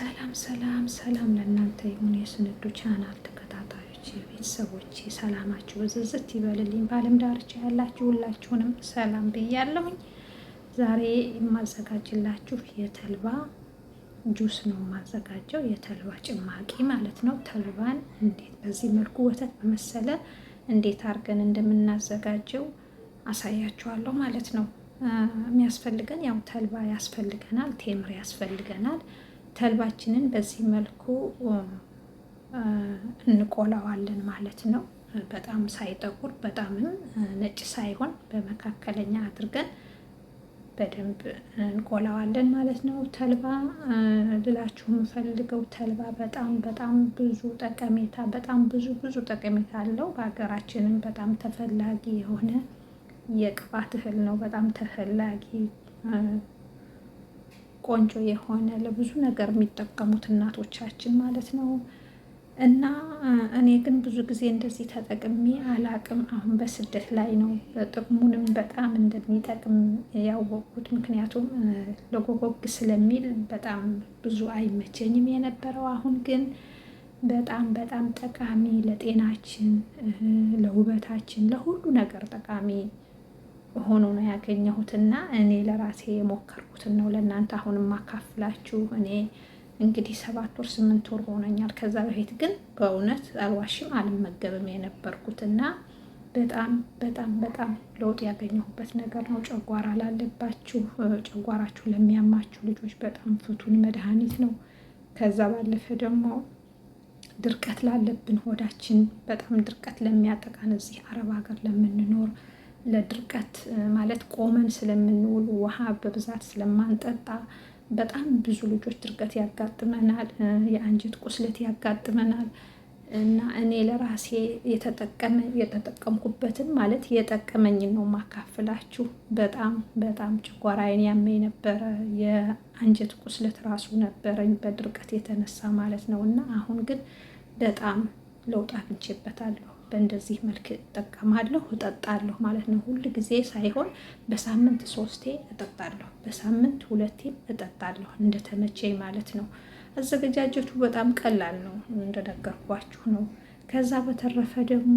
ሰላም ሰላም ሰላም ለእናንተ ይሁን የስንዱ ቻናል ተከታታዮች ቤተሰቦች ሰላማችሁ ብዝዝት ይበልልኝ። በዓለም ዳርቻ ያላችሁ ሁላችሁንም ሰላም ብያለሁኝ። ዛሬ የማዘጋጅላችሁ የተልባ ጁስ ነው የማዘጋጀው፣ የተልባ ጭማቂ ማለት ነው። ተልባን እንዴት በዚህ መልኩ ወተት በመሰለ እንዴት አድርገን እንደምናዘጋጀው አሳያችኋለሁ ማለት ነው። የሚያስፈልገን ያው ተልባ ያስፈልገናል፣ ቴምር ያስፈልገናል ተልባችንን በዚህ መልኩ እንቆላዋለን ማለት ነው። በጣም ሳይጠቁር በጣምም ነጭ ሳይሆን በመካከለኛ አድርገን በደንብ እንቆላዋለን ማለት ነው። ተልባ ልላችሁ የምፈልገው ተልባ በጣም በጣም ብዙ ጠቀሜታ በጣም ብዙ ብዙ ጠቀሜታ አለው። በሀገራችንም በጣም ተፈላጊ የሆነ የቅባት እህል ነው። በጣም ተፈላጊ ቆንጆ የሆነ ለብዙ ነገር የሚጠቀሙት እናቶቻችን ማለት ነው። እና እኔ ግን ብዙ ጊዜ እንደዚህ ተጠቅሜ አላቅም። አሁን በስደት ላይ ነው ጥቅሙንም በጣም እንደሚጠቅም ያወቁት ምክንያቱም ለጎጎግ ስለሚል በጣም ብዙ አይመቸኝም የነበረው። አሁን ግን በጣም በጣም ጠቃሚ ለጤናችን፣ ለውበታችን፣ ለሁሉ ነገር ጠቃሚ ሆኖ ነው ያገኘሁትና እኔ ለራሴ የሞከርኩትን ነው ለእናንተ አሁን ማካፍላችሁ። እኔ እንግዲህ ሰባት ወር ስምንት ወር ሆነኛል። ከዛ በፊት ግን በእውነት አልዋሽም አልመገብም የነበርኩትና በጣም በጣም በጣም ለውጥ ያገኘሁበት ነገር ነው። ጨጓራ ላለባችሁ፣ ጨጓራችሁ ለሚያማችሁ ልጆች በጣም ፍቱን መድኃኒት ነው። ከዛ ባለፈ ደግሞ ድርቀት ላለብን ሆዳችን በጣም ድርቀት ለሚያጠቃን እዚህ አረብ ሀገር ለምንኖር ለድርቀት ማለት ቆመን ስለምንውል ውሃ በብዛት ስለማንጠጣ በጣም ብዙ ልጆች ድርቀት ያጋጥመናል፣ የአንጀት ቁስለት ያጋጥመናል። እና እኔ ለራሴ የተጠቀመ የተጠቀምኩበትን ማለት የጠቀመኝን ነው ማካፍላችሁ። በጣም በጣም ጨጓራዬን ያመኝ ነበረ። የአንጀት ቁስለት ራሱ ነበረኝ በድርቀት የተነሳ ማለት ነው። እና አሁን ግን በጣም ለውጥ አግኝቼበታለሁ። በእንደዚህ መልክ እጠቀማለሁ እጠጣለሁ ማለት ነው። ሁል ጊዜ ሳይሆን በሳምንት ሶስቴ እጠጣለሁ፣ በሳምንት ሁለቴም እጠጣለሁ እንደተመቼ ማለት ነው። አዘገጃጀቱ በጣም ቀላል ነው፣ እንደነገርኳችሁ ነው። ከዛ በተረፈ ደግሞ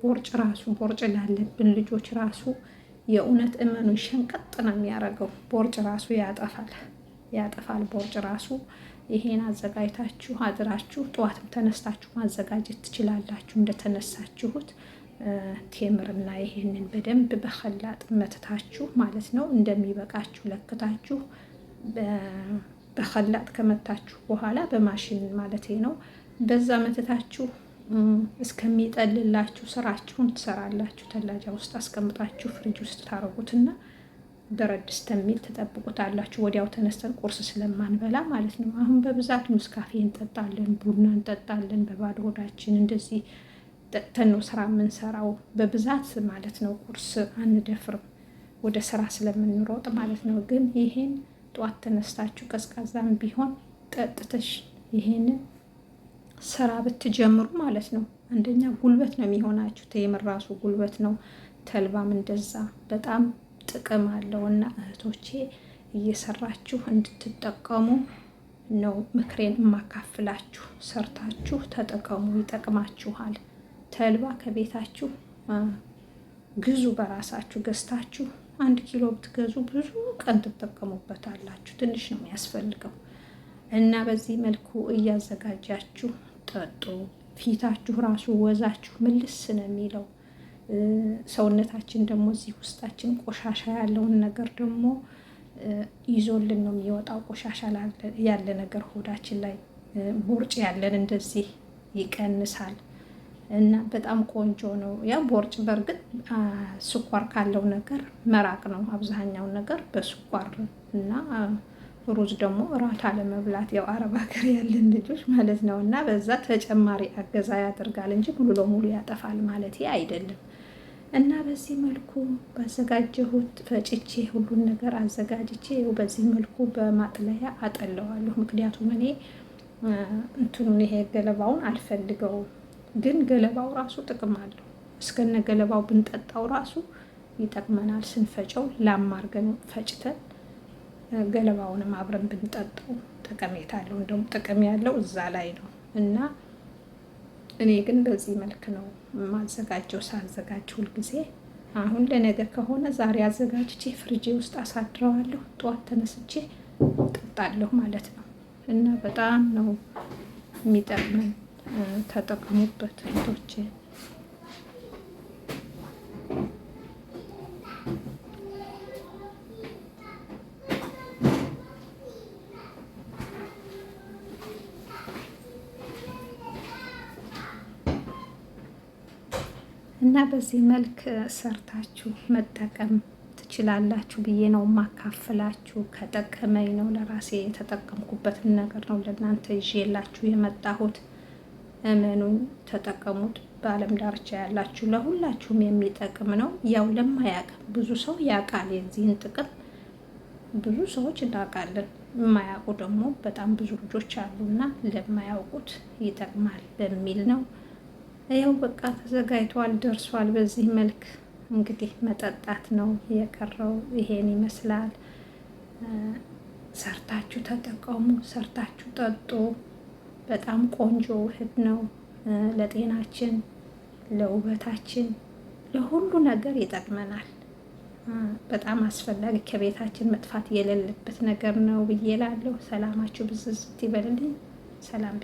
ቦርጭ ራሱ ቦርጭ ላለብን ልጆች ራሱ የእውነት እመኑ ሸንቀጥ ነው የሚያደርገው። ቦርጭ ራሱ ያጠፋል ያጠፋል ቦርጭ ራሱ ይሄን አዘጋጅታችሁ አድራችሁ ጠዋትም ተነስታችሁ ማዘጋጀት ትችላላችሁ። እንደተነሳችሁት ቴምርና ይሄንን በደንብ በከላጥ መትታችሁ ማለት ነው እንደሚበቃችሁ ለክታችሁ በከላጥ ከመታችሁ በኋላ በማሽን ማለት ነው በዛ መትታችሁ እስከሚጠልላችሁ ስራችሁን ትሰራላችሁ። ተላጃ ውስጥ አስቀምጣችሁ ፍሪጅ ውስጥ ታረጉትና በረድስ ተሚል ትጠብቁታላችሁ። ወዲያው ተነስተን ቁርስ ስለማንበላ ማለት ነው። አሁን በብዛት ኔስካፌ እንጠጣለን፣ ቡና እንጠጣለን። በባዶ ሆዳችን እንደዚህ ጠጥተን ነው ስራ የምንሰራው በብዛት ማለት ነው። ቁርስ አንደፍርም ወደ ስራ ስለምንሮጥ ማለት ነው። ግን ይሄን ጠዋት ተነስታችሁ ቀዝቃዛም ቢሆን ጠጥተሽ ይሄንን ስራ ብትጀምሩ ማለት ነው። አንደኛ ጉልበት ነው የሚሆናችሁ። ቴምር ራሱ ጉልበት ነው። ተልባም እንደዛ በጣም ጥቅም አለው እና እህቶቼ እየሰራችሁ እንድትጠቀሙ ነው ምክሬን የማካፍላችሁ። ሰርታችሁ ተጠቀሙ፣ ይጠቅማችኋል። ተልባ ከቤታችሁ ግዙ፣ በራሳችሁ ገዝታችሁ አንድ ኪሎ ብትገዙ ብዙ ቀን ትጠቀሙበታላችሁ። ትንሽ ነው የሚያስፈልገው እና በዚህ መልኩ እያዘጋጃችሁ ጠጡ። ፊታችሁ ራሱ ወዛችሁ ምልስ ነው የሚለው ሰውነታችን ደግሞ እዚህ ውስጣችን ቆሻሻ ያለውን ነገር ደግሞ ይዞልን ነው የሚወጣው። ቆሻሻ ያለ ነገር ሆዳችን ላይ ቦርጭ ያለን እንደዚህ ይቀንሳል እና በጣም ቆንጆ ነው። ያ ቦርጭ በእርግጥ ስኳር ካለው ነገር መራቅ ነው። አብዛኛውን ነገር በስኳር እና ሩዝ ደግሞ እራት አለመብላት ያው አረብ ሀገር ያለን ልጆች ማለት ነው። እና በዛ ተጨማሪ አገዛ ያደርጋል እንጂ ሙሉ ለሙሉ ያጠፋል ማለት አይደለም። እና በዚህ መልኩ ባዘጋጀሁት ፈጭቼ ሁሉን ነገር አዘጋጅቼ ይኸው በዚህ መልኩ በማጥለያ አጠለዋለሁ። ምክንያቱም እኔ እንትኑን ይሄ ገለባውን አልፈልገውም፣ ግን ገለባው ራሱ ጥቅም አለው። እስከነ ገለባው ብንጠጣው ራሱ ይጠቅመናል። ስንፈጨው ላም ፈጭተን ገለባውንም አብረን ብንጠጣው ጠቀሜታ አለው። እንደውም ጥቅም ያለው እዛ ላይ ነው እና እኔ ግን በዚህ መልክ ነው ማዘጋጀው። ሳዘጋጅ ሁልጊዜ አሁን ለነገ ከሆነ ዛሬ አዘጋጅቼ ፍርጄ ውስጥ አሳድረዋለሁ። ጠዋት ተነስቼ ጠጣለሁ ማለት ነው እና በጣም ነው የሚጠቅመን። ተጠቅሙበት ቶቼ እና በዚህ መልክ ሰርታችሁ መጠቀም ትችላላችሁ ብዬ ነው ማካፍላችሁ። ከጠቀመኝ ነው ለራሴ የተጠቀምኩበትን ነገር ነው ለእናንተ ይዤላችሁ የመጣሁት። እመኑኝ፣ ተጠቀሙት። በዓለም ዳርቻ ያላችሁ ለሁላችሁም የሚጠቅም ነው። ያው ለማያቅም ብዙ ሰው ያውቃል የዚህን ጥቅም ብዙ ሰዎች እናውቃለን። የማያውቁ ደግሞ በጣም ብዙ ልጆች አሉና ለማያውቁት ይጠቅማል በሚል ነው። ያው በቃ ተዘጋጅቷል፣ ደርሷል። በዚህ መልክ እንግዲህ መጠጣት ነው የቀረው። ይሄን ይመስላል። ሰርታችሁ ተጠቀሙ፣ ሰርታችሁ ጠጡ። በጣም ቆንጆ ውህድ ነው። ለጤናችን፣ ለውበታችን፣ ለሁሉ ነገር ይጠቅመናል። በጣም አስፈላጊ ከቤታችን መጥፋት የሌለበት ነገር ነው ብዬ ላለሁ። ሰላማችሁ ብዝዝት ይበልልኝ። ሰላም